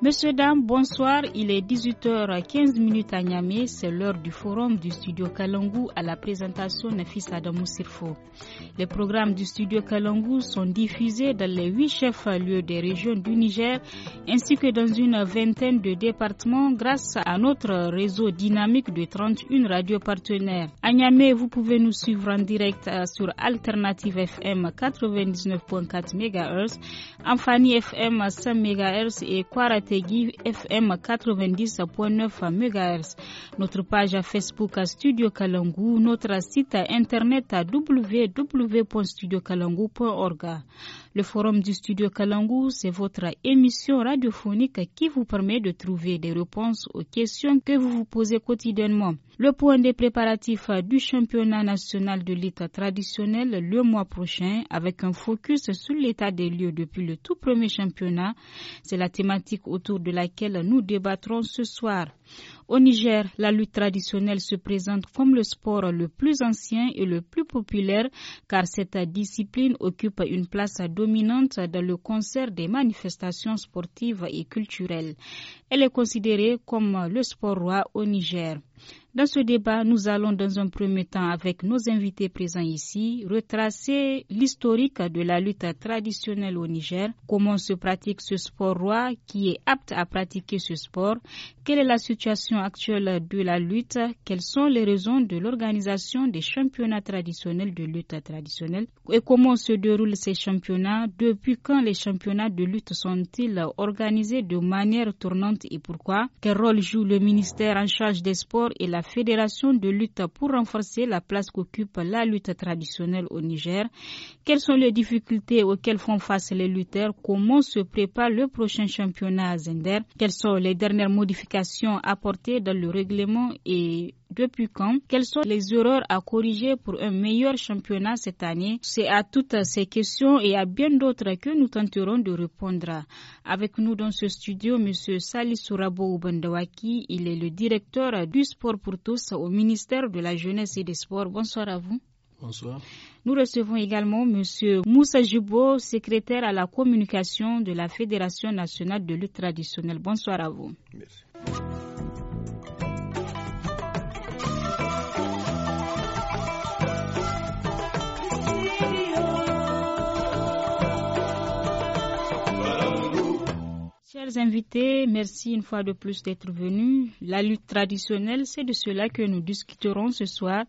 Monsieur, dames, bonsoir. Il est 18h15 à Niamey. C'est l'heure du forum du studio Kalangou à la présentation de fils Adamou Sirfo. Les programmes du studio Kalangou sont diffusés dans les huit chefs lieux des régions du Niger ainsi que dans une vingtaine de départements grâce à notre réseau dynamique de 31 radios partenaires. À Niamey, vous pouvez nous suivre en direct euh, sur Alternative FM 99.4 MHz, Amfani FM 100 MHz et Quarat give FM 90.9 MHz, notre page à Facebook à Studio Kalangu, notre site à internet à www.studiokalangu.org. Le forum du studio Kalangou, c'est votre émission radiophonique qui vous permet de trouver des réponses aux questions que vous vous posez quotidiennement. Le point des préparatifs du championnat national de lutte traditionnel le mois prochain avec un focus sur l'état des lieux depuis le tout premier championnat. C'est la thématique autour de laquelle nous débattrons ce soir. Au Niger, la lutte traditionnelle se présente comme le sport le plus ancien et le plus populaire car cette discipline occupe une place dominante dans le concert des manifestations sportives et culturelles. Elle est considérée comme le sport roi au Niger. Dans ce débat, nous allons dans un premier temps, avec nos invités présents ici, retracer l'historique de la lutte traditionnelle au Niger, comment se pratique ce sport roi, qui est apte à pratiquer ce sport, quelle est la situation actuelle de la lutte, quelles sont les raisons de l'organisation des championnats traditionnels de lutte traditionnelle et comment se déroulent ces championnats, depuis quand les championnats de lutte sont-ils organisés de manière tournante et pourquoi, quel rôle joue le ministère en charge des sports et la la Fédération de lutte pour renforcer la place qu'occupe la lutte traditionnelle au Niger. Quelles sont les difficultés auxquelles font face les lutteurs Comment se prépare le prochain championnat à Zender Quelles sont les dernières modifications apportées dans le règlement et depuis quand, quelles sont les erreurs à corriger pour un meilleur championnat cette année. C'est à toutes ces questions et à bien d'autres que nous tenterons de répondre. Avec nous dans ce studio, M. Sali Sourabo Ubendawaki, il est le directeur du sport pour tous au ministère de la Jeunesse et des Sports. Bonsoir à vous. Bonsoir. Nous recevons également M. Moussa Jubo, secrétaire à la communication de la Fédération nationale de lutte traditionnelle. Bonsoir à vous. Merci. Chers invités, merci une fois de plus d'être venus. La lutte traditionnelle, c'est de cela que nous discuterons ce soir.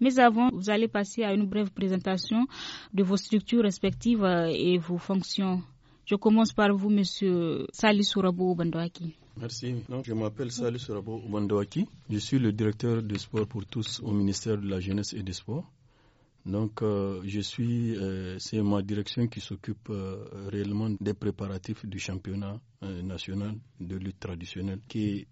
Mais avant, vous allez passer à une brève présentation de vos structures respectives euh, et vos fonctions. Je commence par vous, Monsieur Sali Surabo Bandouaki. Merci. je m'appelle Salisu Sourabou Bandouaki. Je suis le directeur de sport pour tous au ministère de la Jeunesse et des Sports. Donc, euh, je suis, euh, c'est ma direction qui s'occupe euh, réellement des préparatifs du championnat national de lutte traditionnelle qui est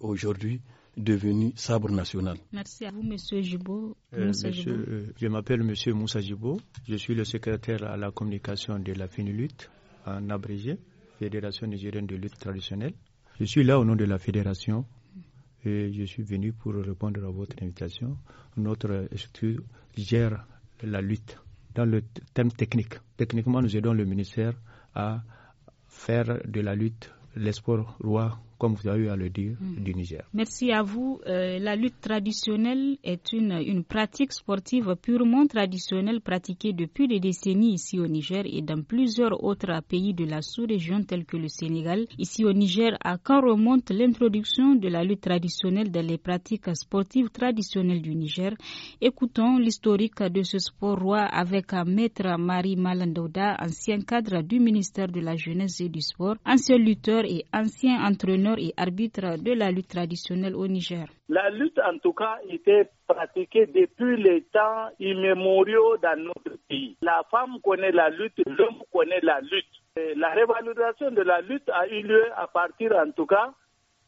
aujourd'hui devenu sabre national. Merci à vous, Monsieur Jibo. je m'appelle Monsieur Moussa Jibo. Je suis le secrétaire à la communication de la FINULUT, en abrégé, Fédération nigérienne de lutte traditionnelle. Je suis là au nom de la fédération et je suis venu pour répondre à votre invitation. Notre structure gère la lutte dans le thème technique. Techniquement, nous aidons le ministère à faire de la lutte l'espoir roi comme vous avez eu à le dire, mm. du Niger. Merci à vous. Euh, la lutte traditionnelle est une, une pratique sportive purement traditionnelle pratiquée depuis des décennies ici au Niger et dans plusieurs autres pays de la sous-région tels que le Sénégal. Ici au Niger, à quand remonte l'introduction de la lutte traditionnelle dans les pratiques sportives traditionnelles du Niger Écoutons l'historique de ce sport roi avec Maître Marie Malandouda, ancien cadre du ministère de la Jeunesse et du Sport, ancien lutteur et ancien entraîneur et arbitre de la lutte traditionnelle au Niger. La lutte, en tout cas, était pratiquée depuis les temps immémoriaux dans notre pays. La femme connaît la lutte, l'homme connaît la lutte. la révalorisation de la lutte a eu lieu à partir, en tout cas,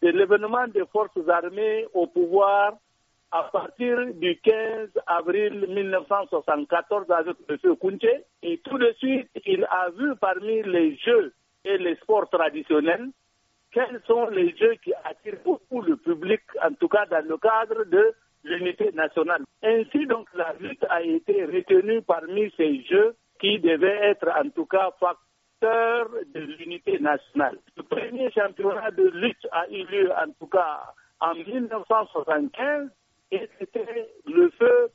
de l'événement des forces armées au pouvoir à partir du 15 avril 1974 avec M. Kunche. Et tout de suite, il a vu parmi les jeux et les sports traditionnels quels sont les jeux qui attirent beaucoup le public, en tout cas dans le cadre de l'unité nationale. Ainsi donc la lutte a été retenue parmi ces jeux qui devaient être en tout cas facteurs de l'unité nationale. Le premier championnat de lutte a eu lieu en tout cas en 1975 et c'était le feu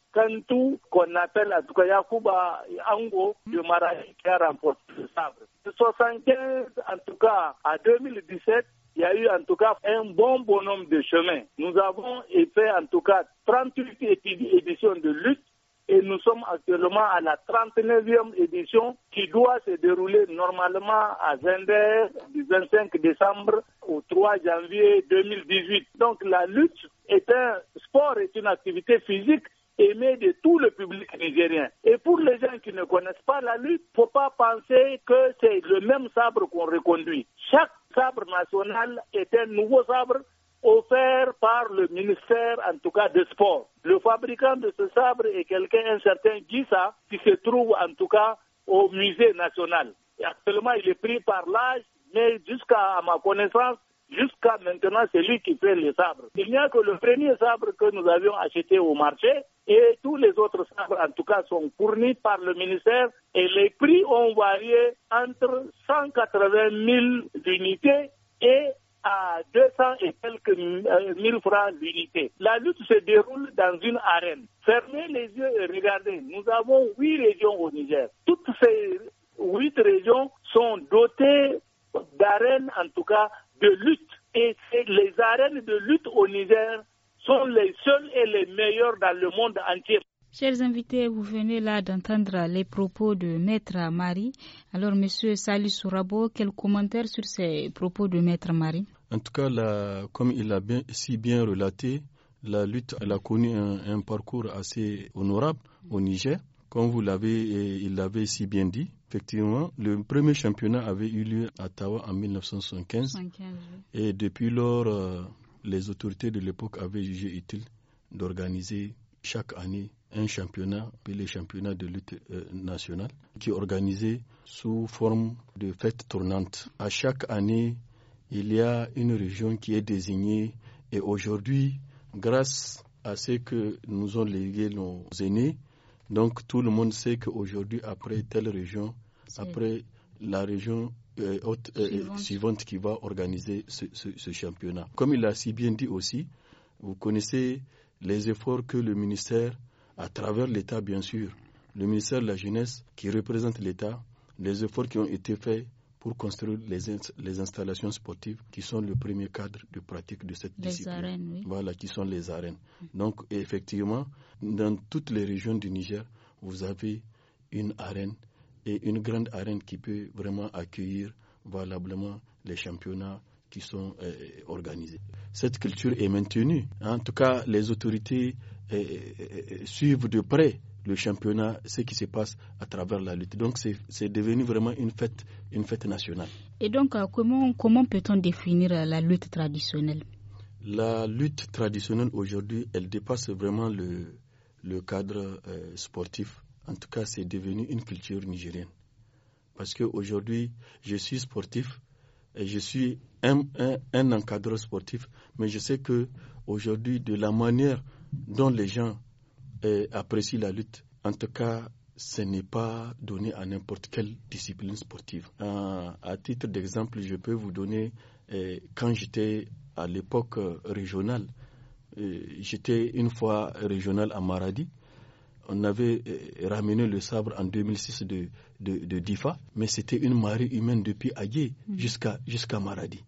tout qu'on appelle en tout cas Yakuba Ango, de hmm. Maraï, qui a remporté le sabre. De 75, en tout cas, à 2017, il y a eu en tout cas un bon bonhomme de chemin. Nous avons fait en tout cas 38 éditions de lutte et nous sommes actuellement à la 39e édition qui doit se dérouler normalement à Zender du 25 décembre au 3 janvier 2018. Donc la lutte est un sport, est une activité physique aimée de tout le public nigérien. Et pour les gens qui ne connaissent pas la lutte, faut pas penser que c'est le même sabre qu'on reconduit. Chaque sabre national est un nouveau sabre offert par le ministère, en tout cas, des Sports. Le fabricant de ce sabre est quelqu'un, un certain Gissa, qui se trouve, en tout cas, au musée national. Et actuellement, il est pris par l'âge, mais jusqu'à ma connaissance, jusqu'à maintenant, c'est lui qui fait les sabres. Il n'y a que le premier sabre que nous avions acheté au marché et tous les autres sabres, en tout cas, sont fournis par le ministère et les prix ont varié entre 180 000 unités et à 200 et quelques euh, mille francs l'unité. La lutte se déroule dans une arène. Fermez les yeux et regardez. Nous avons huit régions au Niger. Toutes ces huit régions sont dotées d'arènes, en tout cas, de lutte. Et les arènes de lutte au Niger sont les seules et les meilleures dans le monde entier. Chers invités, vous venez là d'entendre les propos de Maître Marie. Alors, Monsieur Salih Sourabo, quel commentaire sur ces propos de Maître Marie En tout cas, comme il l'a si bien relaté, la lutte a connu un, parcours assez honorable au Niger. Comme vous l'avez, eh, il l'avait si bien dit, effectivement, le premier championnat avait eu lieu à Tawa en 1915. Et depuis lors, euh, les autorités de l'époque avaient jugé utile d'organiser chaque année un championnat, le championnat de lutte euh, nationale, qui est organisé sous forme de fête tournante. À chaque année, il y a une région qui est désignée et aujourd'hui, grâce à ce que nous ont légué nos aînés, donc tout le monde sait qu'aujourd'hui, après telle région, après la région euh, euh, suivante. qui va organiser ce, championnat. Comme il a si bien dit aussi, vous connaissez les efforts que le ministère à travers l'État, bien sûr, le ministère de la Jeunesse qui représente l'État, les efforts qui ont été faits pour construire les, les, installations sportives qui sont le premier cadre de pratique de cette discipline. Voilà, qui sont les arènes. Hum. Donc, effectivement, dans toutes les régions du Niger, vous avez une arène et une grande arène qui peut vraiment accueillir valablement les championnats qui sont euh, organisés. Cette culture est maintenue. En tout cas, les autorités et, suivre de près le championnat, ce qui se passe à travers la lutte. Donc c'est devenu vraiment une fête, une fête nationale. Et donc euh, comment, comment peut-on définir euh, la lutte traditionnelle La lutte traditionnelle aujourd'hui, elle dépasse vraiment le, le cadre euh, sportif. En tout cas, c'est devenu une culture nigérienne. Parce qu'aujourd'hui, je suis sportif et je suis un, un, un encadreur sportif, mais je sais que aujourd'hui, de la manière dont les gens eh, apprécient la lutte. En tout cas, ce n'est pas donné à n'importe quelle discipline sportive. Ah, à, titre d'exemple, je peux vous donner, eh, quand j'étais à l'époque euh, régionale, eh, j'étais une fois régional à Maradi. On avait ramené le sabre en 2006 de, Difa, mais c'était une marée humaine depuis Agué mm. jusqu'à jusqu'à Maradi.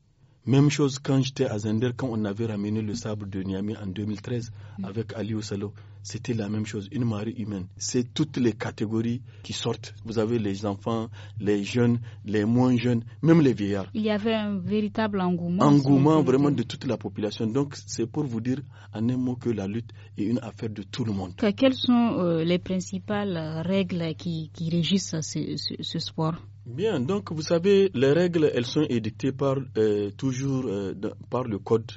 Même chose quand j'étais à Zender, quand on avait ramené le sabre de Niamey en 2013 avec Ali Oussalo c'était la même chose, une marée humaine. C'est toutes les catégories qui sortent. Vous avez les enfants, les jeunes, les moins jeunes, même les vieillards. Il y avait un véritable engouement. Engouement vraiment de toute la population. Donc c'est pour vous dire en un mot que la lutte est une affaire de tout le monde. Quelles sont euh, les principales règles qui, régissent ce, sport Bien, donc vous savez, les règles, elles sont édictées par, euh, toujours euh, par le code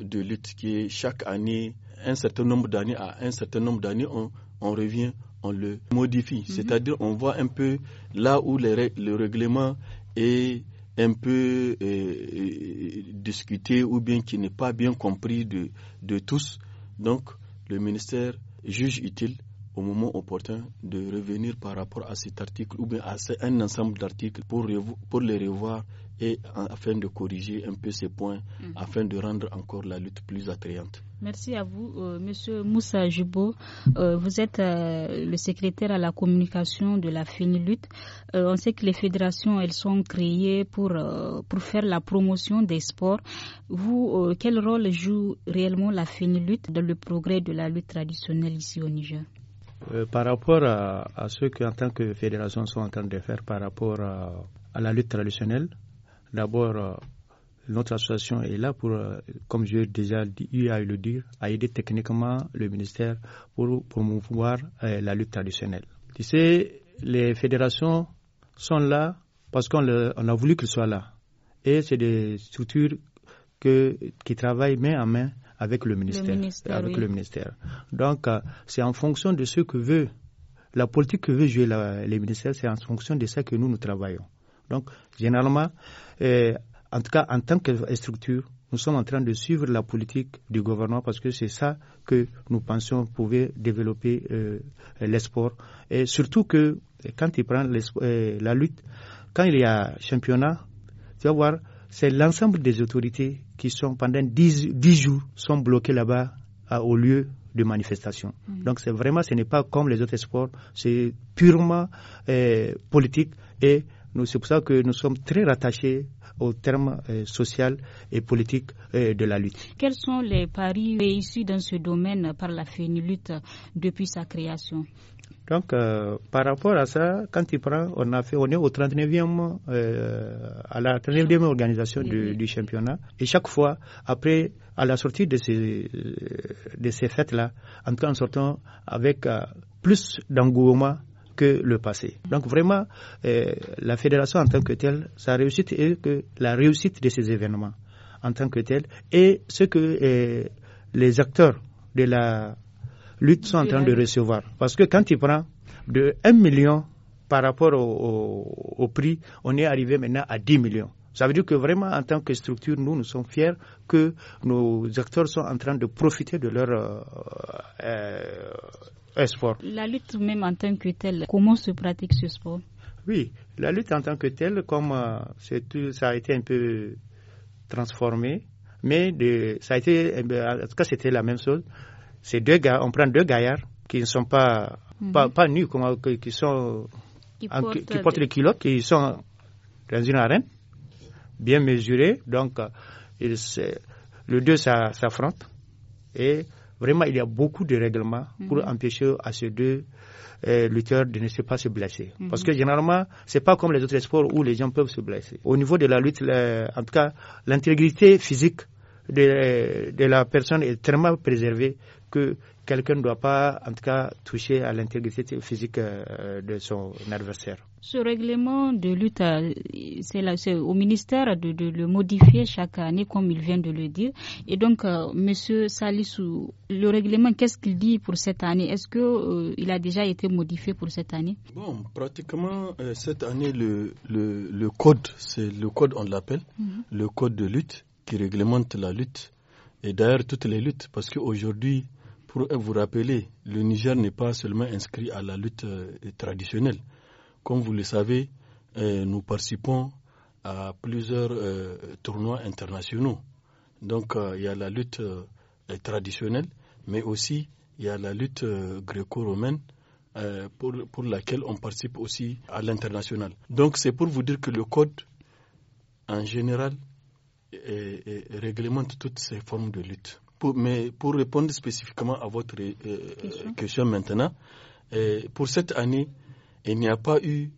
de lutte qui est chaque année un certain nombre d'années à un certain nombre d'années, on, revient, on le modifie. Mhm. C'est-à-dire, on voit un peu là où le règlement est un peu euh, euh, discuté ou bien qui n'est pas bien compris de, tous. Donc, le ministère juge utile au moment opportun de revenir par rapport à cet article ou bien à un ensemble d'articles pour, pour les revoir et afin de corriger un peu ces points, mhm. afin de rendre encore la lutte plus attrayante. Merci à vous, M. Euh, Monsieur Moussa Jubo. Euh, vous êtes euh, le secrétaire à la communication de la lutte on sait que les fédérations, elles sont créées pour, pour faire la promotion des sports. Vous, quel rôle joue réellement la lutte dans le progrès de la lutte traditionnelle ici au Niger Par rapport à, ce qu'en tant que fédération sont en train de faire par rapport à la lutte traditionnelle, D'abord, euh, notre association est là pour, euh, comme j'ai déjà dit, eu à le dire, aider techniquement le ministère pour promouvoir euh, la lutte traditionnelle. Tu sais, les fédérations sont là parce qu'on a voulu qu'elles soient là. Et c'est des structures qui travaillent main en main avec le ministère. Donc, c'est en fonction de ce que veut la politique que veut jouer la, les c'est en fonction de ça que nous, nous travaillons. Donc, généralement, euh, en tout cas, en tant que structure, nous sommes en train de suivre la politique du gouvernement parce que c'est ça que nous pensions pouvait développer euh, l'esport. Et surtout que quand il prend euh, la lutte, quand il y a championnat, tu vas voir, c'est l'ensemble des autorités qui sont pendant 10, jours sont bloquées là-bas au lieu de manifestation. Mm. Donc c'est vraiment, ce n'est pas comme les autres sports, c'est purement euh, politique et c'est pour ça que nous sommes très rattachés aux termes euh, social et politique euh, de la lutte. Quels sont les paris réussis dans ce domaine par la FENILUT depuis sa création donc, euh, par rapport à ça, quand il prend, on, a fait, on est au 39e, à la 39e organisation du, championnat. Et chaque fois, après, à la sortie de ces, de ces fêtes-là, en tout cas, sortant avec plus d'engouement que le passé. Donc vraiment, euh, la fédération en tant que telle, sa réussite est que la réussite de ces événements en tant que telle et ce que euh, les acteurs de la lutte sont en train de recevoir. Parce que quand tu prends de 1 million par rapport au, prix, on est arrivé maintenant à 10 millions. Ça veut dire que vraiment, en tant que structure, nous, nous sommes fiers que nos acteurs sont en train de profiter de leur euh, la lutte même en tant que telle, comment se pratique ce sport Oui, la lutte en tant que telle, comme euh, c'est tout, ça a été un peu transformé, mais de, ça a été, eh ben, en tout cas c'était la même chose. Ces deux gars, on prend deux gaillards qui ne sont pas, mhm. pas, nus, qui, sont, qui, portent, des... culottes, qui sont dans une arène, bien mesurés, donc euh, il, le deux s'affrontent et Vraiment, il y a beaucoup de règlements mhm. pour empêcher à ces deux euh, lutteurs de ne pas se blesser. Mhm. Parce que généralement, c'est pas comme les autres sports où les gens peuvent se blesser. Au niveau de la lutte, en tout cas, l'intégrité physique de, la personne est tellement préservée que quelqu'un ne doit pas, en tout cas, toucher à l'intégrité physique euh, de son adversaire. Ce règlement de lutte, euh, c'est au ministère de, le modifier chaque année, comme il vient de le dire. Et donc, euh, Monsieur Salissou, le règlement, qu'est-ce qu'il dit pour cette année Est-ce qu'il a déjà été modifié pour cette année Bon, pratiquement, cette année, le, code, c'est le code, on l'appelle, mhm. le code de lutte qui réglemente la lutte. Et d'ailleurs, toutes les luttes, parce qu'aujourd'hui, pour vous rappeler, le Niger n'est pas seulement inscrit à la lutte euh, traditionnelle. Comme vous le savez, euh, nous participons à plusieurs euh, tournois internationaux. Donc il y a la lutte traditionnelle, mais aussi il y a la lutte gréco-romaine pour, laquelle on participe aussi à l'international. Donc c'est pour vous dire que le code, en général, réglemente toutes ces formes de lutte pour, mais pour répondre spécifiquement à votre euh, question. maintenant, euh, pour cette année, il n'y a pas eu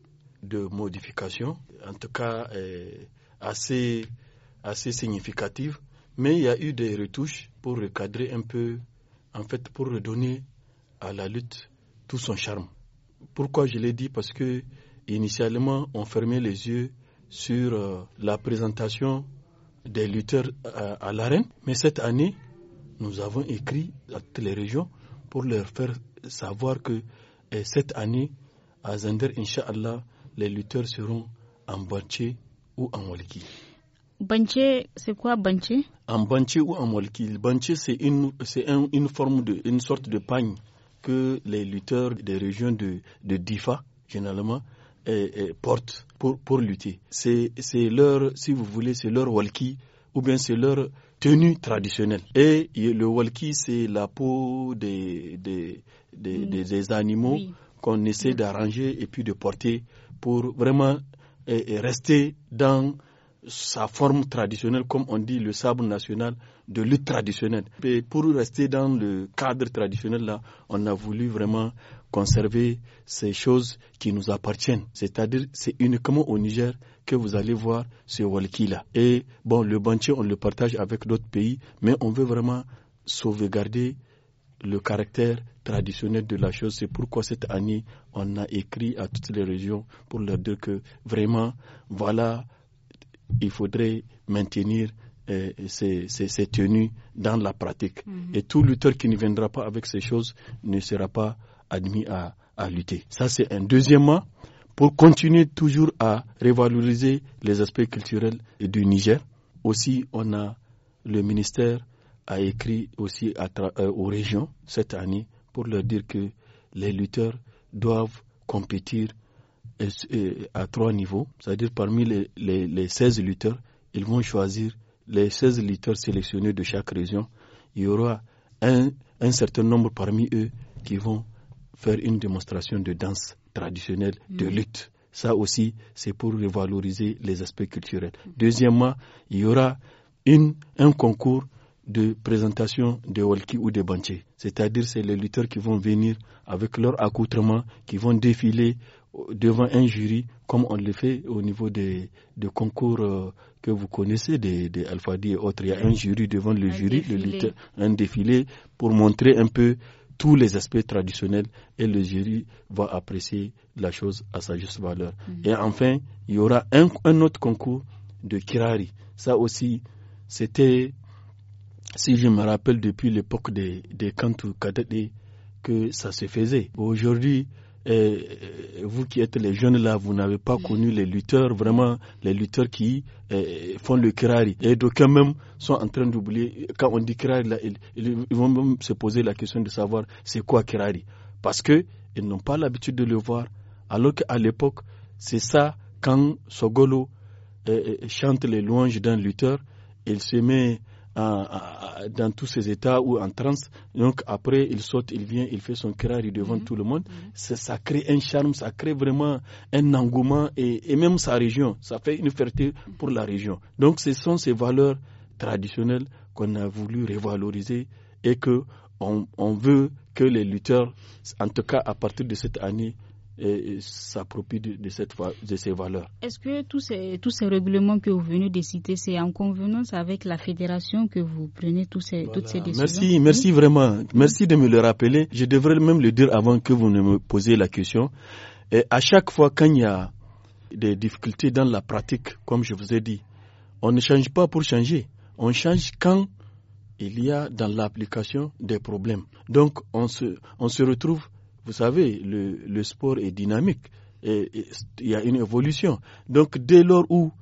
de modification, en tout cas euh, assez, assez significative, mais il y a eu des retouches pour recadrer un peu, en fait, pour redonner à la lutte tout son charme. Pourquoi je l'ai dit Parce que initialement, on fermait les yeux sur la présentation des lutteurs à l'arène, mais cette année, nous avons écrit à toutes les régions pour leur faire savoir que eh, cette année, à Zander Inch'Allah, les lutteurs seront en Banché ou en Waliki. Banché, c'est quoi Banché En Banché ou en Waliki. Banché, c'est une, forme de, une sorte de pagne que les lutteurs des régions de, Difa, généralement, eh, eh, portent pour, pour lutter. C'est leur, si vous voulez, c'est leur waliki ou bien c'est leur tenue traditionnelle. Et le walkie, c'est la peau des, mm. animaux qu'on essaie mm. d'arranger et puis de porter pour vraiment rester dans sa forme traditionnelle, comme on dit, le sabre national de lutte traditionnelle. Et pour rester dans le cadre traditionnel, là, on a voulu vraiment conserver ces choses qui nous appartiennent. C'est-à-dire, c'est uniquement au Niger que vous allez voir ce walki-là. Et bon, le banquier, on le partage avec d'autres pays, mais on veut vraiment sauvegarder le caractère traditionnel de la chose. C'est pourquoi cette année, on a écrit à toutes les régions pour leur dire que vraiment, voilà, il faudrait maintenir euh, ces, tenues dans la pratique. Mm-hmm. Et tout lutteur qui ne viendra pas avec ces choses ne sera pas admis à, à lutter. Ça, c'est un. deuxième mois pour continuer toujours à revaloriser les aspects culturels du Niger, aussi, on a le ministère a écrit aussi euh, aux régions cette année pour leur dire que les lutteurs doivent compétir à trois niveaux, c'est-à-dire parmi les, les, 16 lutteurs, ils vont choisir les 16 lutteurs sélectionnés de chaque région. Il y aura un, un certain nombre parmi eux qui vont faire une démonstration de danse traditionnelle, mm. de lutte. Ça aussi, c'est pour revaloriser les aspects culturels. Deuxièmement, il y aura une, un concours de présentation de walkie ou de bantier C'est-à-dire, c'est les lutteurs qui vont venir avec leur accoutrement, qui vont défiler devant un jury, comme on le fait au niveau des, concours euh, que vous connaissez, des, des et autres. Il y a un jury devant le jury, le lutteur, un défilé pour montrer un peu tous les aspects traditionnels et le jury va apprécier la chose à sa juste valeur. Mhm. Et enfin, il y aura un, autre concours de Kirari. Ça aussi, c'était, si je me rappelle, depuis l'époque des, des que ça se faisait. Aujourd'hui, vous qui êtes les jeunes là, vous n'avez pas connu les lutteurs, vraiment les lutteurs qui eh, font le kirari. Et d'aucuns même sont en train d'oublier, quand on dit kirari, ils, vont même se poser la question de savoir c'est quoi kirari. Parce qu'ils n'ont pas l'habitude de le voir. Alors qu'à l'époque, c'est ça, quand Sogolo eh, eh, chante les louanges d'un lutteur, il se met dans tous ces états ou en transe. Donc après, il saute, il vient, il fait son kirari devant mhm. tout le monde. Mhm. Ça crée un charme, ça crée vraiment un engouement et, même sa région. Ça fait une fierté pour la région. Donc ce sont ces valeurs traditionnelles qu'on a voulu revaloriser et que on veut que les lutteurs, en tout cas à partir de cette année, et, de, ces valeurs. Est-ce que tous ces, tous ces règlements que vous venez de citer, c'est en convenance avec la fédération que vous prenez tous toutes ces décisions Merci, merci vraiment. Merci de me le rappeler. Je devrais même le dire avant que vous ne me posiez la question. Et à chaque fois quand il y a des difficultés dans la pratique, comme je vous ai dit, on ne change pas pour changer. On change quand il y a dans l'application des problèmes. Donc on se, on se retrouve vous savez, le, sport est dynamique et il y a une évolution. Donc dès lors où,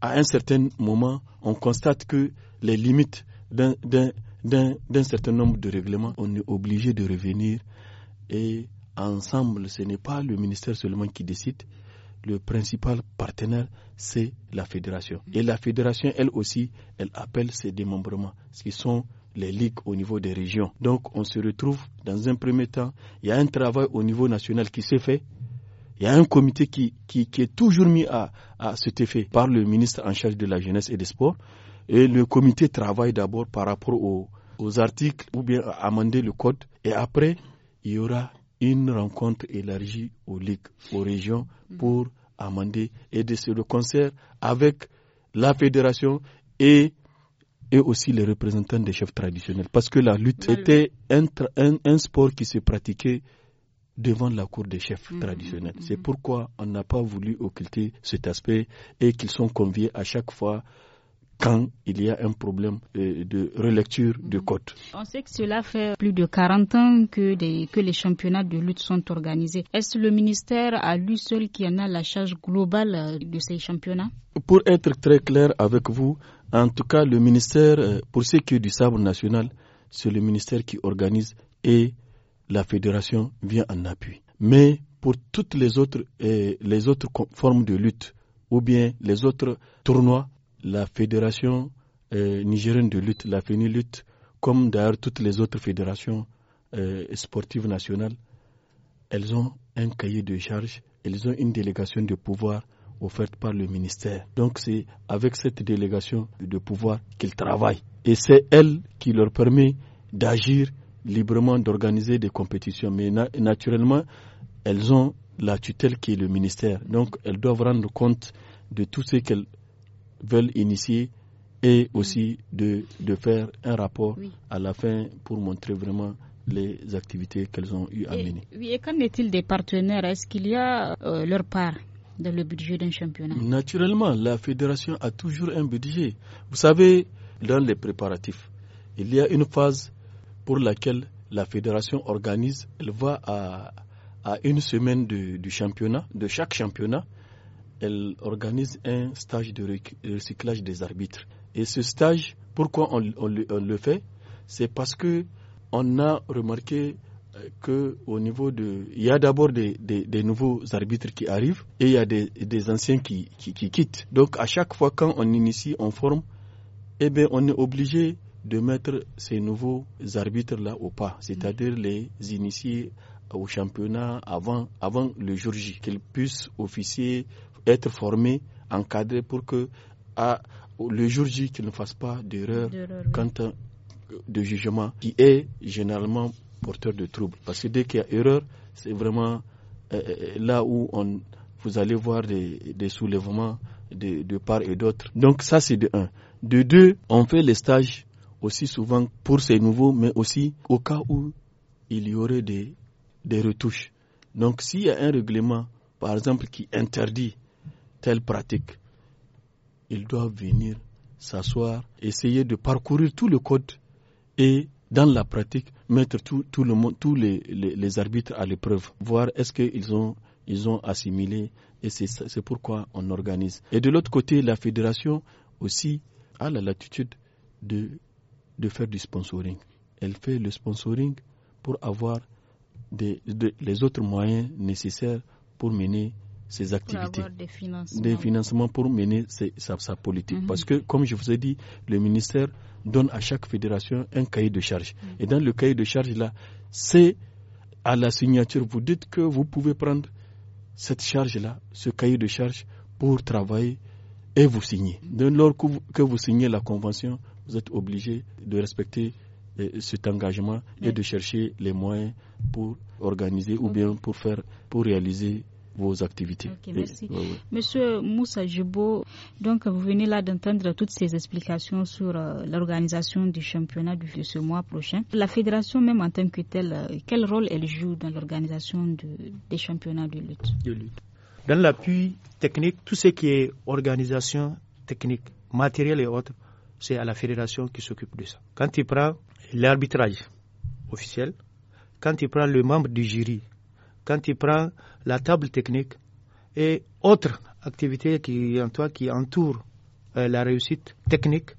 à un certain moment, on constate que les limites d'un certain nombre de règlements, on est obligé de revenir et ensemble, ce n'est pas le ministère seulement qui décide. Le principal partenaire, c'est la fédération. Et la fédération, elle aussi, elle appelle ses démembrements, ce qui sont les ligues au niveau des régions. Donc on se retrouve dans un premier temps, il y a un travail au niveau national qui s'est fait. Il y a un comité qui, qui, est toujours mis à, à cet effet par le ministre en charge de la jeunesse et des sports. Et le comité travaille d'abord par rapport aux, articles ou bien à amender le code. Et après, il y aura une rencontre élargie aux ligues, aux régions mm. pour amender et de le concert avec la fédération et et aussi les représentants des chefs traditionnels. Parce que la lutte était un, un, sport qui se pratiquait devant la cour des chefs mhm. traditionnels. Mhm. C'est pourquoi on n'a pas voulu occulter cet aspect et qu'ils sont conviés à chaque fois quand il y a un problème euh, de relecture de mhm. code. On sait que cela fait plus de 40 ans que, des, que les championnats de lutte sont organisés. Est-ce le ministère à lui seul qui en a la charge globale de ces championnats Pour être très clair avec vous, en tout cas, le ministère, euh, pour ce qui est du sabre national, c'est le ministère qui organise et la fédération vient en appui. Mais pour toutes les autres, euh, les autres formes de lutte ou bien les autres tournois, la fédération euh, nigérienne de lutte, la lutte, comme d'ailleurs toutes les autres fédérations sportives nationales, elles ont un cahier de charges, elles ont une délégation de pouvoir offerte par le ministère. Donc c'est avec cette délégation de pouvoir qu'ils travaillent. Et c'est elle qui leur permet d'agir librement, d'organiser des compétitions. Mais naturellement, elles ont la tutelle qui est le ministère. Donc elles doivent rendre compte de tout ce qu'elles veulent initier et aussi de, faire un rapport à la fin pour montrer vraiment les activités qu'elles ont eu à mener. Oui, et qu'en est-il des partenaires Est-ce qu'il y a euh, leur part dans le budget d'un championnat Naturellement, la fédération a toujours un budget. Vous savez, dans les préparatifs, il y a une phase pour laquelle la fédération organise, elle va à, une semaine du championnat, de chaque championnat, elle organise un stage de recyclage des arbitres. Et ce stage, pourquoi on, le fait C'est parce que on a remarqué que au niveau de, il y a d'abord des, nouveaux arbitres qui arrivent et il y a des, anciens qui, qui, quittent. Donc à chaque fois quand on initie, on forme, eh bien on est obligé de mettre ces nouveaux arbitres là au pas, c'est-à-dire mmh. les initiés au championnat avant, avant le jour J, qu'ils puissent officier, être formés, encadrés pour que à, le jour J qu'ils ne fassent pas d'erreur quant à, de jugement qui est généralement porteur de troubles. Parce que dès qu'il y a erreur, c'est vraiment euh, euh, euh, là où on, vous allez voir des, soulèvements de, de, part et d'autre. Donc ça, c'est de un. De deux, on fait les stages aussi souvent pour ces nouveaux, mais aussi au cas où il y aurait des, des retouches. Donc s'il y a un règlement, par exemple, qui interdit telle pratique, ils doivent venir s'asseoir, essayer de parcourir tout le code et dans la pratique, mettre tout, le monde, tous les, les, arbitres à l'épreuve, voir est-ce qu'ils ont, ils ont assimilé, et c'est pourquoi on organise. Et de l'autre côté, la fédération aussi a la latitude de, de faire du sponsoring. Elle fait le sponsoring pour avoir des, les autres moyens nécessaires pour mener ses activités, des financements. des financements, pour mener sa, politique. Mhm. Parce que, comme je vous ai dit, le ministère donne à chaque fédération un cahier de charge. Mm-hmm. Et dans le cahier de charge là, c'est à la signature, vous dites que vous pouvez prendre cette charge là, ce cahier de charge pour travailler et vous signer. Mm-hmm. Dès lors que vous, que vous signez la convention, vous êtes obligé de respecter eh, cet engagement et mm-hmm. de chercher les moyens pour organiser ou bien pour faire pour réaliser vos activités. Monsieur Moussa Jibo, donc vous venez là d'entendre toutes ces explications sur euh, l'organisation du championnat de ce mois prochain. La fédération même en tant que telle, euh, quel rôle elle joue dans l'organisation des championnats de lutte, de lutte. Dans l'appui technique, tout ce qui est organisation technique, matériel et autres, c'est à la fédération qui s'occupe de ça. Quand il prend l'arbitrage officiel, quand il prend le membre du jury, quand tu prends la table technique et autres activités qui, en toi, qui entourent euh, la réussite technique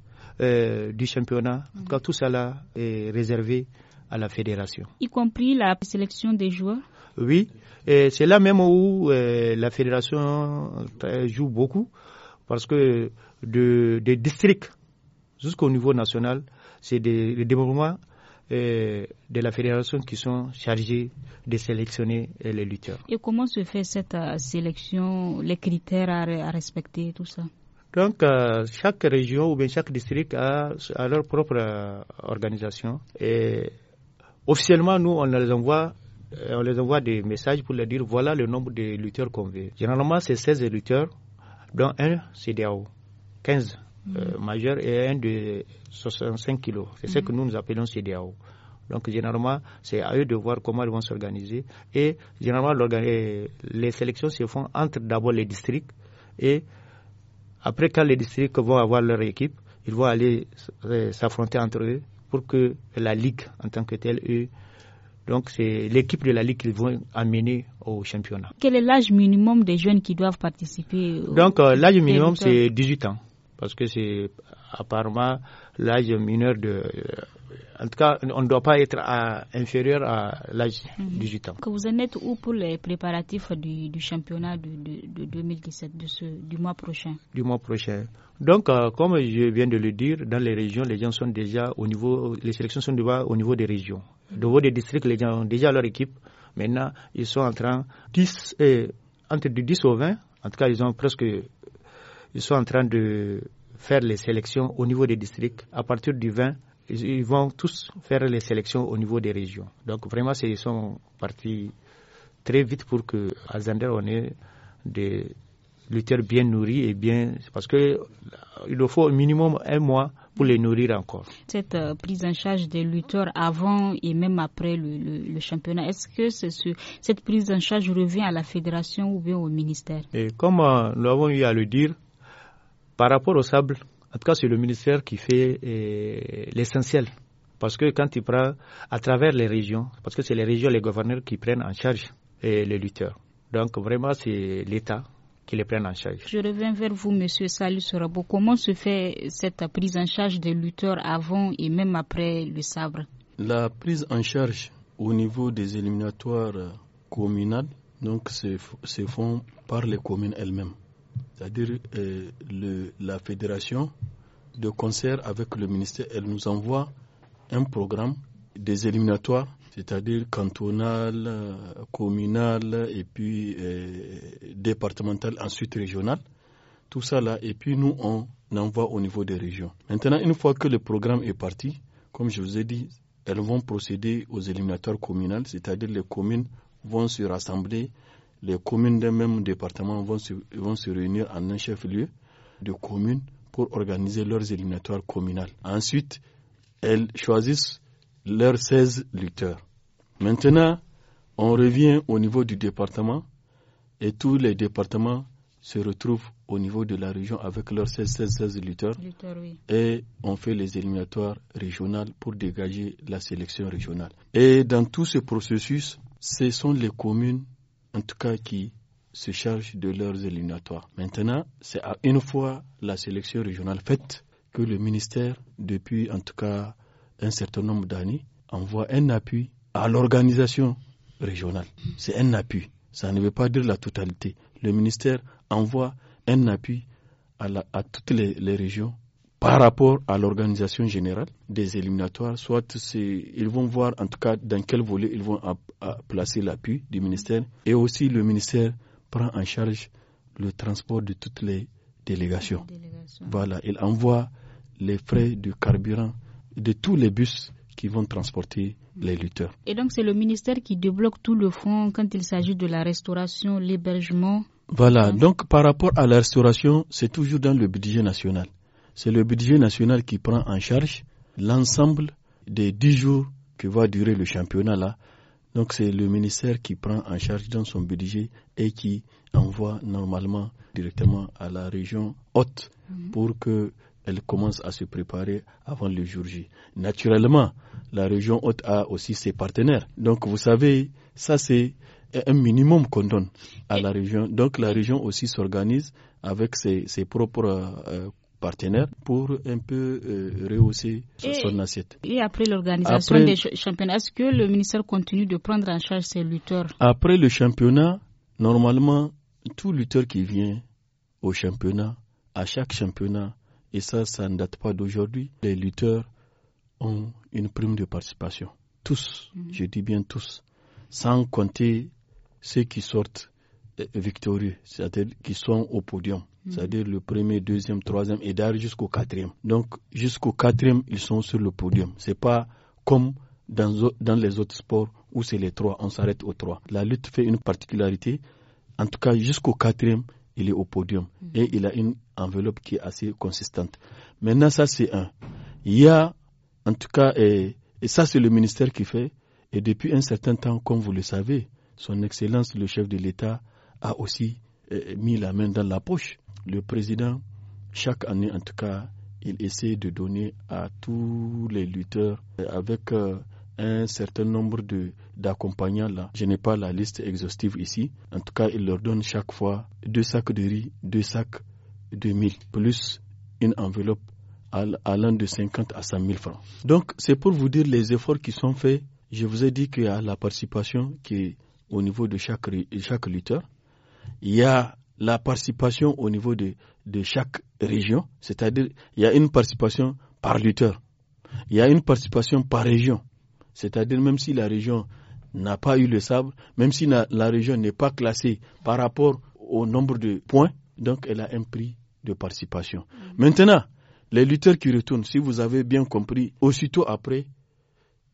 euh, du championnat, quand tout cela est réservé à la fédération. Y compris la sélection des joueurs Oui, et c'est là même où euh, la fédération joue beaucoup, parce que des districts jusqu'au niveau national, c'est des, mouvements... Euh, de la fédération qui sont chargés de sélectionner euh, les lutteurs. Et comment se fait cette euh, sélection, les critères à, respecter, tout ça donc, chaque région ou bien chaque district a, leur propre organisation. Et officiellement, nous, on les envoie. On les envoie des messages pour leur dire voilà le nombre de lutteurs qu'on veut. Généralement, c'est 16 lutteurs, dont un CDAO, 15 euh, mm. majeur et un de 65 kilos. C'est ce que mm. nous, nous appelons CDAO. Donc, généralement, c'est à eux de voir comment ils vont s'organiser. Et généralement, euh, les sélections se font entre d'abord les districts et après, quand les districts vont avoir leur équipe, ils vont aller euh, s'affronter entre eux pour que la Ligue, en tant que telle, eux, donc c'est l'équipe de la Ligue qu'ils vont amener au championnat. Quel est l'âge minimum des jeunes qui doivent participer Donc, l'âge minimum, c'est 18 ans parce que c'est apparemment l'âge mineur de. En tout cas, on ne doit pas être inférieur à l'âge 18 mhm. ans. Que vous en êtes où pour les préparatifs du, championnat de, 2017, de ce, du mois prochain Du mois prochain. Donc, euh, comme je viens de le dire, dans les régions, les gens sont déjà au niveau, les sélections sont déjà au niveau des régions. Au niveau des districts, les gens ont déjà leur équipe. Maintenant, ils sont en train, 10 et, euh, entre 10 au 20, en tout cas, ils ont presque ils sont en train de faire les sélections au niveau des districts. À partir du 20, ils vont tous faire les sélections au niveau des régions. Donc vraiment, ils sont partis très vite pour que à Zander, on ait des lutteurs bien nourris et bien... Parce qu'il nous faut au minimum un mois pour les nourrir encore. Cette euh, prise en charge des lutteurs avant et même après le, championnat, est-ce que cette prise en charge revient à la fédération ou bien au ministère et Comme euh, nous avons eu à le dire, par rapport au sable, en tout cas, c'est le ministère qui fait euh, l'essentiel. Parce que quand il prend à travers les régions, parce que c'est les régions, les gouverneurs qui prennent en charge euh, les lutteurs. Donc vraiment, c'est l'État qui les prennent en charge. Je reviens vers vous, Monsieur Salus Sorabo. Comment se fait cette prise en charge des lutteurs avant et même après le sabre La prise en charge au niveau des éliminatoires euh, communales, donc, se font par les communes elles-mêmes c'est-à-dire euh, la fédération, de concert avec le ministère, elle nous envoie un programme des éliminatoires, c'est-à-dire cantonal, euh, communal et puis euh, départemental, ensuite régional. Tout ça là, et puis nous, on envoie au niveau des régions. Maintenant, une fois que le programme est parti, comme je vous ai dit, elles vont procéder aux éliminatoires communales, c'est-à-dire les communes vont se rassembler les communes d'un même département vont se, vont se réunir en un chef-lieu de communes pour organiser leurs éliminatoires communales. Ensuite, elles choisissent leurs 16 lutteurs. Maintenant, on revient au niveau du département et tous les départements se retrouvent au niveau de la région avec leurs 16-16 lutteurs. Et on fait les éliminatoires régionales pour dégager la sélection régionale. Et dans tout ce processus, ce sont les communes en tout cas qui se chargent de leurs éliminatoires. Maintenant, c'est à une fois la sélection régionale faite que le ministère, depuis en tout cas un certain nombre d'années, envoie un appui à l'organisation régionale. C'est un appui. Ça ne veut pas dire la totalité. Le ministère envoie un appui à, à toutes les régions par rapport à l'organisation générale des éliminatoires, soit ils vont voir en tout cas dans quel volet ils vont placer l'appui du ministère et aussi le ministère prend en charge le transport de toutes les délégations. délégations. Voilà, il envoie les frais du carburant de tous les bus qui vont transporter les lutteurs. Et donc c'est le ministère qui débloque tout le fonds quand il s'agit de la restauration, l'hébergement. Voilà, donc par rapport à la restauration, c'est toujours dans le budget national c'est le budget national qui prend en charge l'ensemble des 10 jours que va durer le championnat là. Donc c'est le ministère qui prend en charge dans son budget et qui envoie normalement directement à la région haute mhm. pour qu'elle commence à se préparer avant le jour J. Naturellement, la région haute a aussi ses partenaires. Donc vous savez, ça c'est un minimum qu'on donne à la région. Donc la région aussi s'organise avec ses, propres euh, partenaire pour un peu euh, rehausser son assiette. Et après l'organisation des championnats, est-ce que le ministère continue de prendre en charge ces lutteurs Après le championnat, normalement, tout lutteur qui vient au championnat, à chaque championnat, et ça, ça ne date pas d'aujourd'hui, les lutteurs ont une prime de participation. Tous, mhm. je dis bien tous, sans compter ceux qui sortent victorieux, c'est-à-dire qui sont au podium, mm. c'est-à-dire le premier, deuxième, troisième et d'ailleurs jusqu'au quatrième. Donc jusqu'au quatrième, ils sont sur le podium. C'est pas comme dans, dans les autres sports où c'est les trois, on s'arrête aux trois. La lutte fait une particularité, en tout cas jusqu'au quatrième, il est au podium mm. et il a une enveloppe qui est assez consistante. Maintenant, ça c'est un. Il y a, en tout cas, et ça c'est le ministère qui fait, et depuis un certain temps, comme vous le savez, son Excellence le chef de l'État a aussi eh, mis la main dans la poche. Le président, chaque année en tout cas, il essaie de donner à tous les lutteurs eh, avec euh, un certain nombre d'accompagnants là. Je n'ai pas la liste exhaustive ici. En tout cas, il leur donne chaque fois deux sacs de riz, deux sacs de mille, plus une enveloppe allant de 50 à 100 000 francs. Donc, c'est pour vous dire les efforts qui sont faits. Je vous ai dit qu'il y a la participation qui est au niveau de chaque, chaque lutteur il y a la participation au niveau de, chaque région, c'est-à-dire il y a une participation par lutteur, il y a une participation par région, c'est-à-dire même si la région n'a pas eu le sable, même si la, région n'est pas classée par rapport au nombre de points, donc elle a un prix de participation. Mm. Maintenant, les lutteurs qui retournent, si vous avez bien compris, aussitôt après,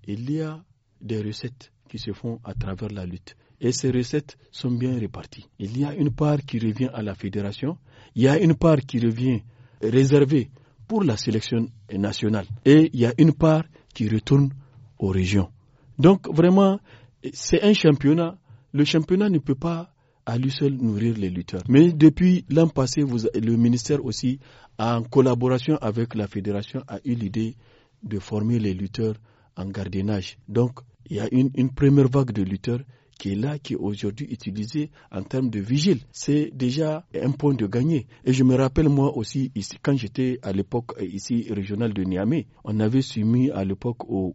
il y a des recettes qui se font à travers la lutte et ces recettes sont bien réparties. Il y a une part qui revient à la fédération, il y a une part qui revient réservée pour la sélection nationale et il y a une part qui retourne aux régions. Donc vraiment, c'est un championnat. Le championnat ne peut pas à lui seul nourrir les lutteurs. Mais depuis l'an passé, vous, le ministère aussi, en collaboration avec la fédération, a eu l'idée de former les lutteurs en gardiennage. Donc, il y a une, une première vague de lutteurs qui est là, qui est aujourd'hui utilisé en termes de vigile. C'est déjà un point de gagner. Et je me rappelle moi aussi, ici, quand j'étais à l'époque euh, ici régional de Niamey, on avait soumis à l'époque au,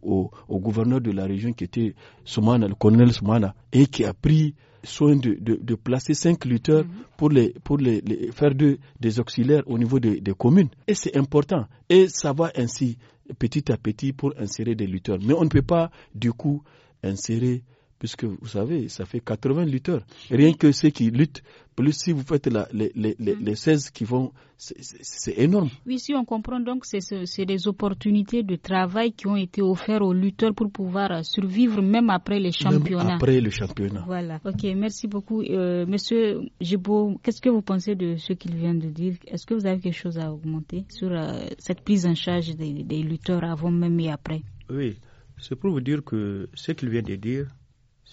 gouverneur de la région qui était Soumana, le colonel Soumana, et qui a pris soin de, placer cinq lutteurs mhm. pour les pour les, faire des auxiliaires au niveau des, des communes. Et c'est important. Et ça va ainsi petit à petit pour insérer des lutteurs. Mais on ne peut pas du coup insérer puisque vous savez, ça fait 80 lutteurs. Rien que ceux qui luttent, plus si vous faites les, 16 mm. qui vont, c'est énorme. Oui, si on comprend donc, c'est des opportunités de travail qui ont été offertes aux lutteurs pour pouvoir survivre même après les championnats. après le championnat. Voilà. Ok, merci beaucoup. Euh, monsieur Gibo. qu'est-ce que vous pensez de ce qu'il vient de dire Est-ce que vous avez quelque chose à augmenter sur euh, cette prise en charge des, des lutteurs avant, même et après Oui, c'est pour vous dire que ce qu'il vient de dire,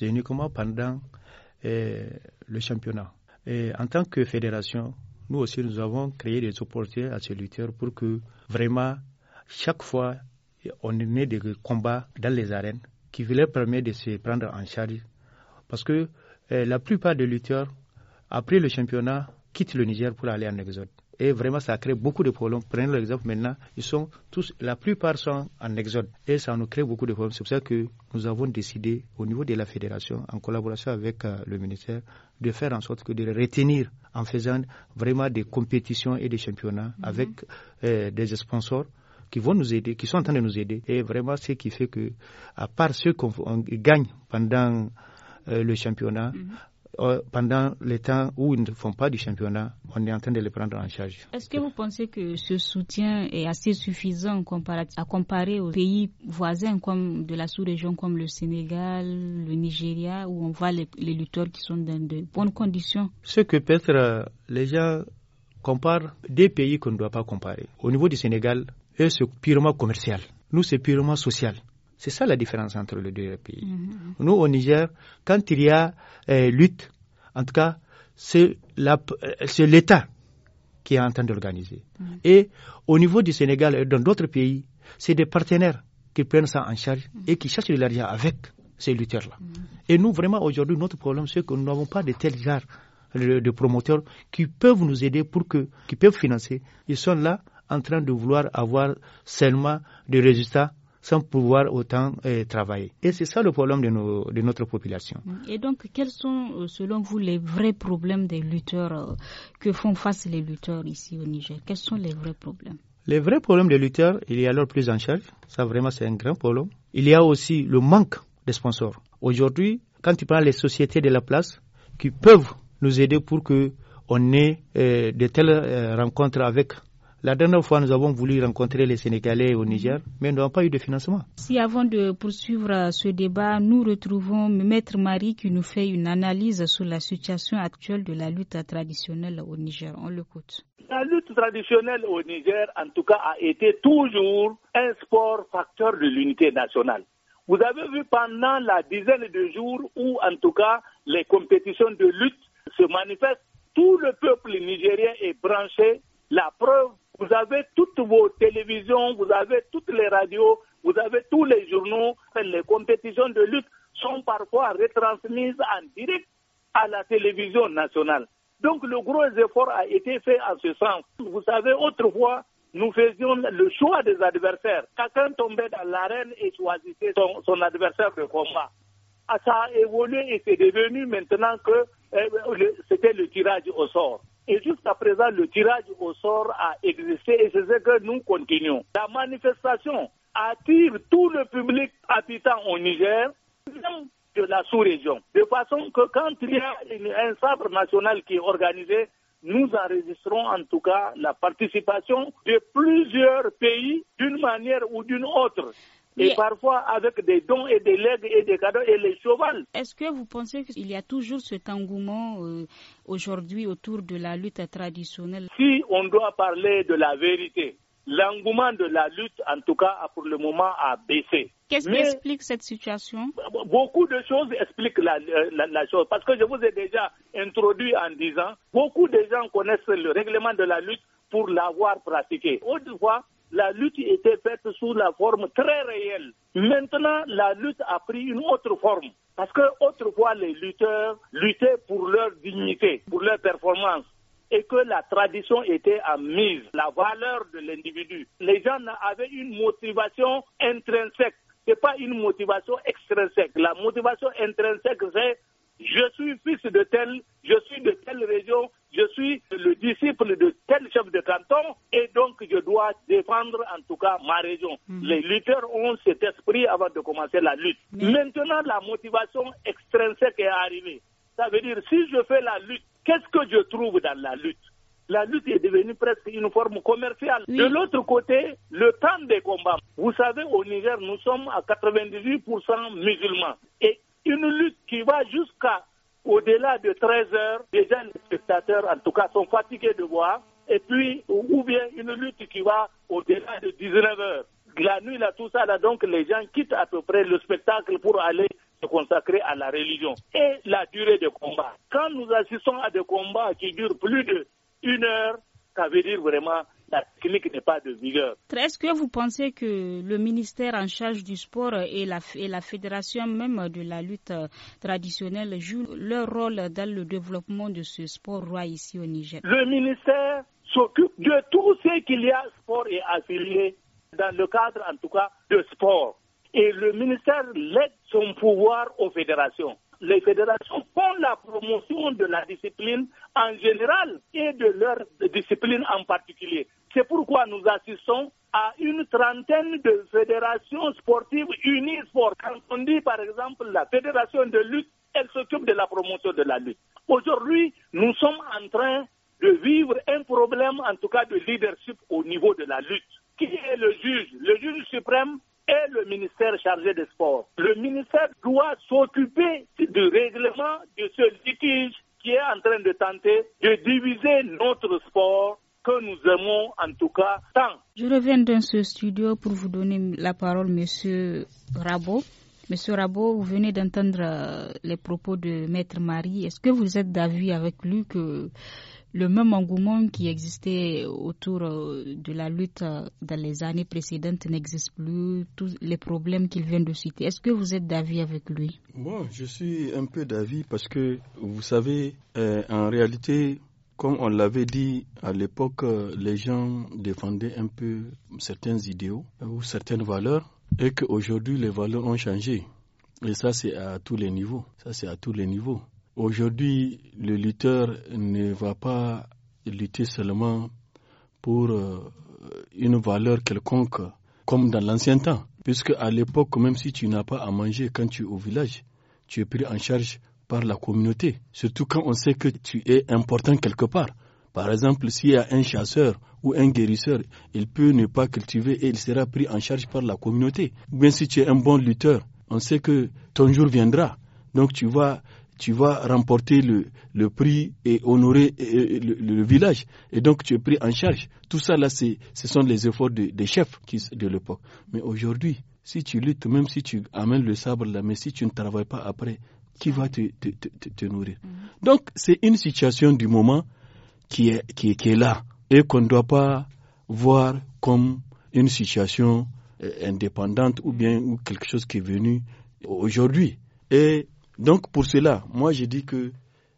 c'est uniquement pendant eh, le championnat. Et en tant que fédération, nous aussi, nous avons créé des opportunités à ces lutteurs pour que vraiment, chaque fois, on ait des combats dans les arènes qui leur permettent de se prendre en charge. Parce que eh, la plupart des lutteurs, après le championnat, quittent le Niger pour aller en exode. Et vraiment, ça crée beaucoup de problèmes. Prenez l'exemple maintenant, ils sont tous, la plupart sont en exode. Et ça nous crée beaucoup de problèmes. C'est pour ça que nous avons décidé, au niveau de la fédération, en collaboration avec euh, le ministère, de faire en sorte que de retenir en faisant vraiment des compétitions et des championnats mhm. avec euh, des sponsors qui vont nous aider, qui sont en train de nous aider. Et vraiment, ce qui fait que, à part ceux qu'on gagne pendant euh, le championnat, mhm. Euh, pendant les temps où ils ne font pas du championnat, on est en train de les prendre en charge. Est-ce que vous pensez que ce soutien est assez suffisant à comparer aux pays voisins comme de la sous-région comme le Sénégal, le Nigeria, où on voit les, lutteurs qui sont dans de bonnes conditions Ce que peut-être euh, les gens comparent des pays qu'on ne doit pas comparer. Au niveau du Sénégal, eux, c'est purement commercial. Nous, c'est purement social. C'est ça la différence entre les deux pays. Mm-hmm. Nous, au Niger, quand il y a euh, lutte, en tout cas, euh, c'est l'État qui est en train d'organiser. Mm-hmm. Et au niveau du Sénégal et dans d'autres pays, c'est des partenaires qui prennent ça en charge mm-hmm. et qui cherchent de l'argent avec ces lutteurs-là. Et nous, vraiment, aujourd'hui, notre problème, c'est que nous n'avons pas de tels genres de promoteurs qui peuvent nous aider pour que, qui peuvent financer. Ils sont là en train de vouloir avoir seulement des résultats sans pouvoir autant euh, travailler. Et c'est ça le problème de, notre population. Et donc, quels sont, euh, selon vous, les vrais problèmes des lutteurs euh, que font face les lutteurs ici au Niger Quels sont les vrais problèmes les vrais problèmes des lutteurs, il y a leur prise en charge. Ça, vraiment, c'est un grand problème. Il y a aussi le manque de sponsors. Aujourd'hui, quand tu parles les sociétés de la place qui peuvent nous aider pour que on ait de telles rencontres avec la dernière fois, nous avons voulu rencontrer les Sénégalais au Niger, mais nous n'avons pas eu de financement. Si avant de poursuivre ce débat, nous retrouvons Maître Marie qui nous fait une analyse sur la situation actuelle de la lutte traditionnelle au Niger. On l'écoute. La lutte traditionnelle au Niger, en tout cas, a été toujours un sport facteur de l'unité nationale. Vous avez vu pendant la dizaine de jours où, en tout cas, les compétitions de lutte se manifestent, tout le peuple nigérien est branché. La preuve, vous avez toutes vos télévisions, vous avez toutes les radios, vous avez tous les journaux. Les compétitions de lutte sont parfois retransmises en direct à la télévision nationale. Donc le gros effort a été fait en ce sens. Vous savez, autrefois, nous faisions le choix des adversaires. Chacun tombait dans l'arène et choisissait son, adversaire de combat. Ah, ça a évolué et c'est devenu maintenant que eh, c'était le tirage au sort. Et jusqu'à présent, le tirage au sort a existé et c'est ce que nous continuons. La manifestation attire tout le public habitant au Niger, de la sous-région. De façon que quand il y a un sabre national qui est organisé, nous enregistrons en tout cas la participation de plusieurs pays d'une manière ou d'une autre. Et parfois avec des dons et des legs et des cadeaux et les chevals. Est-ce que vous pensez qu'il y a toujours cet engouement euh, aujourd'hui autour de la lutte traditionnelle Si on doit parler de la vérité, l'engouement de la lutte, en tout cas pour le moment, a baissé. Qu'est-ce qui explique cette situation Beaucoup de choses expliquent euh, la, chose. Parce que je vous ai déjà introduit en disant, beaucoup de gens connaissent le règlement de la lutte pour l'avoir pratiqué. Autrefois, la lutte était faite sous la forme très réelle. Maintenant, la lutte a pris une autre forme. Parce que autrefois, les lutteurs luttaient pour leur dignité, pour leur performance et que la tradition était en mise, la valeur de l'individu. Les gens avaient une motivation intrinsèque, ce n'est pas une motivation extrinsèque. La motivation intrinsèque, c'est je suis fils de tel, je suis de défendre en tout cas ma région. Mhm. Les lutteurs ont cet esprit avant de commencer la lutte. Maintenant, la motivation extrinsèque est arrivée. Ça veut dire, si je fais la lutte, qu'est-ce que je trouve dans la lutte la lutte est devenue presque une forme commerciale. De l'autre côté, le temps des combats. Vous savez, au Niger, nous sommes à 98% musulmans. Et une lutte qui va jusqu'à au-delà de 13 heures, les jeunes spectateurs, en tout cas, sont fatigués de voir et puis, ou bien une lutte qui va au-delà de 19 heures. La nuit, là, tout ça, là, donc, les gens quittent à peu près le spectacle pour aller se consacrer à la religion. Et la durée des combats. Quand nous assistons à des combats qui durent plus de une heure, ça veut dire vraiment la technique n'est pas de vigueur. Est-ce que vous pensez que le ministère en charge du sport et la, et la fédération même de la lutte traditionnelle jouent leur rôle dans le développement de ce sport roi ici au Niger Le ministère s'occupe de tout ce qu'il y a sport et affilié dans le cadre en tout cas de sport. Et le ministère lève son pouvoir aux fédérations. Les fédérations font la promotion de la discipline en général et de leur discipline en particulier. C'est pourquoi nous assistons à une trentaine de fédérations sportives unies sport. Quand on dit par exemple la fédération de lutte, elle s'occupe de la promotion de la lutte. Aujourd'hui, nous sommes en train de vivre un problème, en tout cas de leadership au niveau de la lutte. Qui est le juge Le juge suprême est le ministère chargé des sports. Le ministère doit s'occuper du règlement de ce litige qui est en train de tenter de diviser notre sport que nous aimons en tout cas tant. Je reviens dans ce studio pour vous donner la parole, Monsieur Rabot. Monsieur Rabot, vous venez d'entendre euh, les propos de Maître Marie. Est-ce que vous êtes d'avis avec lui que le même engouement qui existait autour euh, de la lutte euh, dans les années précédentes n'existe plus, tous les problèmes qu'il vient de citer. Est-ce que vous êtes d'avis avec lui Bon, je suis un peu d'avis parce que, vous savez, euh, en réalité, comme on l'avait dit à l'époque, les gens défendaient un peu certains idéaux ou certaines valeurs et qu'aujourd'hui les valeurs ont changé. Et ça, c'est à tous les niveaux. Ça, c'est à tous les niveaux. Aujourd'hui, le lutteur ne va pas lutter seulement pour euh, une valeur quelconque, comme dans l'ancien temps. Puisque à l'époque, même si tu n'as pas à manger quand tu es au village, tu es pris en charge par la communauté. Surtout quand on sait que tu es important quelque part. Par exemple, s'il y a un chasseur ou un guérisseur, il peut ne pas cultiver et il sera pris en charge par la communauté. Ou bien si tu es un bon lutteur, on sait que ton jour viendra. Donc tu vas tu vas remporter le, le prix et honorer le, village. Et donc, tu es pris en charge. Tout ça, là, ce sont les efforts des chefs qui, de l'époque. Mais aujourd'hui, si tu luttes, même si tu amènes le sabre là, mais si tu ne travailles pas après, qui va te, te, te, nourrir mhm. Donc, c'est une situation du moment qui est, qui là et qu'on ne doit pas voir comme une situation euh, indépendante ou bien ou quelque chose qui est venu aujourd'hui. Et donc pour cela, moi je dis que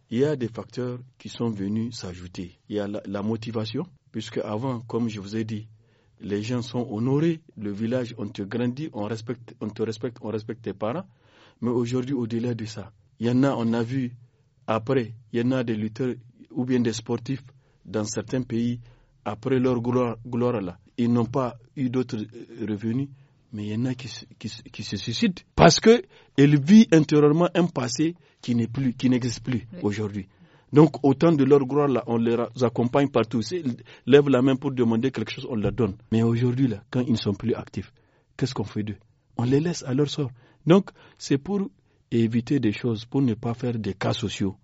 il y a des facteurs qui sont venus s'ajouter. Il y a la, motivation, puisque avant, comme je vous ai dit, les gens sont honorés, le village, on te grandit, on, respecte, on te respecte, on respecte tes parents. Mais aujourd'hui, au-delà de ça, il y en a, on a vu après, il y en a des lutteurs ou bien des sportifs dans certains pays, après leur gloire, gloire là, ils n'ont pas eu d'autres euh, revenus mais il y en a qui, se suicident parce qu'elle vit intérieurement un passé qui n'est plus, qui n'existe plus aujourd'hui. Donc, autant de leur gloire, là, on les accompagne partout. S'ils lèvent la main pour demander quelque chose, on leur donne. Mais aujourd'hui, là, quand ils ne sont plus actifs, qu'est-ce qu'on fait d'eux On les laisse à leur sort. Donc, c'est pour éviter des choses, pour ne pas faire des cas sociaux.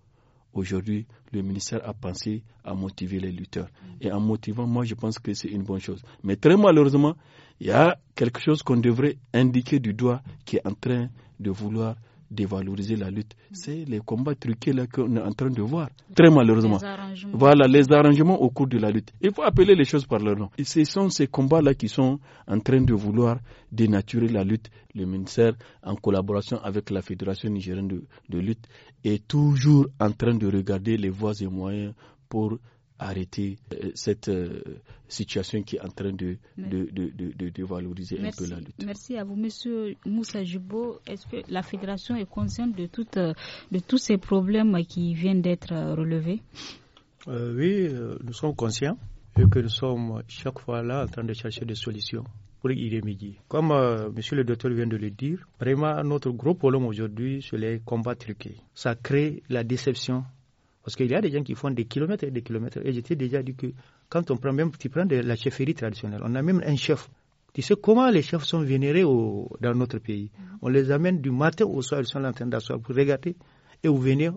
Aujourd'hui, le ministère a pensé à motiver les lutteurs. Et en motivant, moi, je pense que c'est une bonne chose. Mais très malheureusement, il y a quelque chose qu'on devrait indiquer du doigt qui est en train de vouloir dévaloriser la lutte. Mm. C'est les combats truqués là qu'on est en train de voir, très malheureusement. Les voilà, les arrangements au cours de la lutte. Il faut appeler les choses par leur nom. Et ce sont ces combats-là qui sont en train de vouloir dénaturer la lutte. Le ministère, en collaboration avec la Fédération nigérienne de lutte, est toujours en train de regarder les voies et moyens pour arrêter euh, cette euh, situation qui est en train de, de, de, valoriser un peu la lutte. Merci à vous, Monsieur Moussa Jubo. Est-ce que la fédération est consciente de, euh, de tous ces problèmes qui viennent d'être relevés Oui, nous sommes conscients et que nous sommes chaque fois là en train de chercher des solutions pour y remédier. Comme monsieur le docteur vient de le dire, vraiment notre gros problème aujourd'hui, c'est les combats truqués. Ça crée la déception parce qu'il y a des gens qui font des kilomètres et des kilomètres. Et j'étais déjà dit que quand on prend même, tu prends de la chefferie traditionnelle, on a même un chef. Tu sais comment les chefs sont vénérés dans notre pays. Mhm. On les amène du matin au soir, ils sont en train d'asseoir pour regarder. Et vous venez,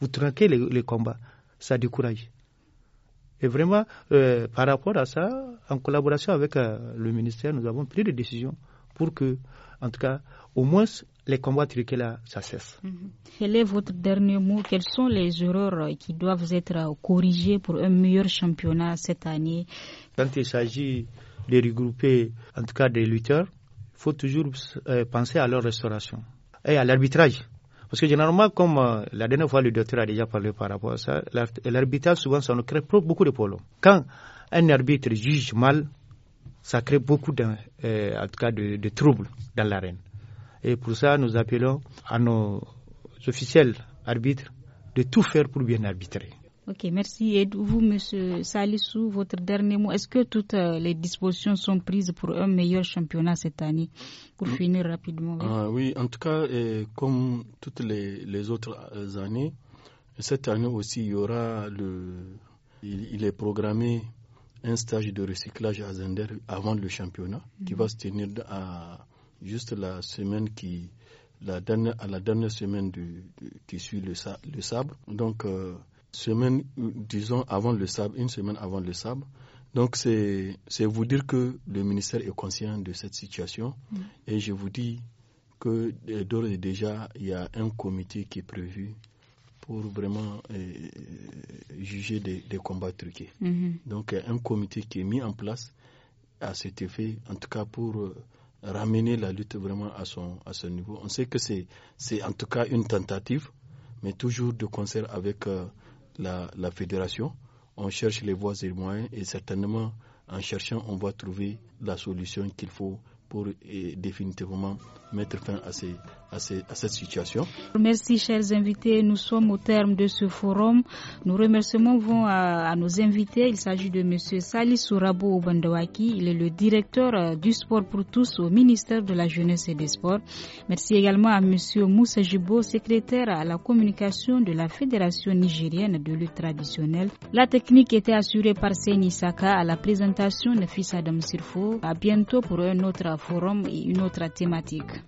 vous tranquez les, combats. Ça décourage. Et vraiment, euh, par rapport à ça, en collaboration avec euh, le ministère, nous avons pris des décisions pour que, en tout cas, au moins les combats truqués là ça cesse. Mhm. Quel est votre dernier mot Quelles sont les erreurs qui doivent être corrigées pour un meilleur championnat cette année Quand il s'agit de regrouper, en tout cas des lutteurs, il faut toujours euh, penser à leur restauration et à l'arbitrage. Parce que généralement, comme euh, la dernière fois le docteur a déjà parlé par rapport à ça, l'arbitrage, souvent, ça nous crée beaucoup de problèmes. Quand un arbitre juge mal, ça crée beaucoup euh, en tout cas de, de troubles dans l'arène. Et pour ça, nous appelons à nos officiels arbitres de tout faire pour bien arbitrer. Ok, merci. Et vous, Monsieur Salissou, votre dernier mot, est-ce que toutes euh, les dispositions sont prises pour un meilleur championnat cette année Pour finir rapidement. Ah, oui, en tout cas, comme toutes les, autres euh, années, cette année aussi, il y aura le. Il, est programmé un stage de recyclage à Zender avant le championnat qui mhm. va se tenir à juste la semaine qui, la dernière, à la dernière semaine du, qui suit le, sable. Donc, euh, semaine, euh, disons, avant le sable, une semaine avant le sable. Donc, c'est vous dire que le ministère est conscient de cette situation. Mm. Et je vous dis que euh, d'ores et déjà, il y a un comité qui est prévu pour vraiment juger des, combats truqués. Mm-hmm. Donc, il y a un comité qui est mis en place à cet effet, en tout cas pour ramener la lutte vraiment à son, à niveau. On sait que c'est en tout cas une tentative, mais toujours de concert avec euh, la, la, fédération. On cherche les voies et les moyens et certainement en cherchant, on va trouver la solution qu'il faut pour eh, définitivement mettre fin à, ces, à, ces, à, cette situation. Merci chers invités, nous sommes au terme de ce forum. Nos remerciements vont à, nos invités. Il s'agit de M. Sali Sourabo Obandawaki, il est le directeur euh, du sport pour tous au ministère de la Jeunesse et des Sports. Merci également à M. Moussa Jibo, secrétaire à la communication de la Fédération nigérienne de lutte traditionnelle. La technique était assurée par Seni Saka à la présentation de Fils Adam Sirfo. À bientôt pour un autre forum et une autre thématique.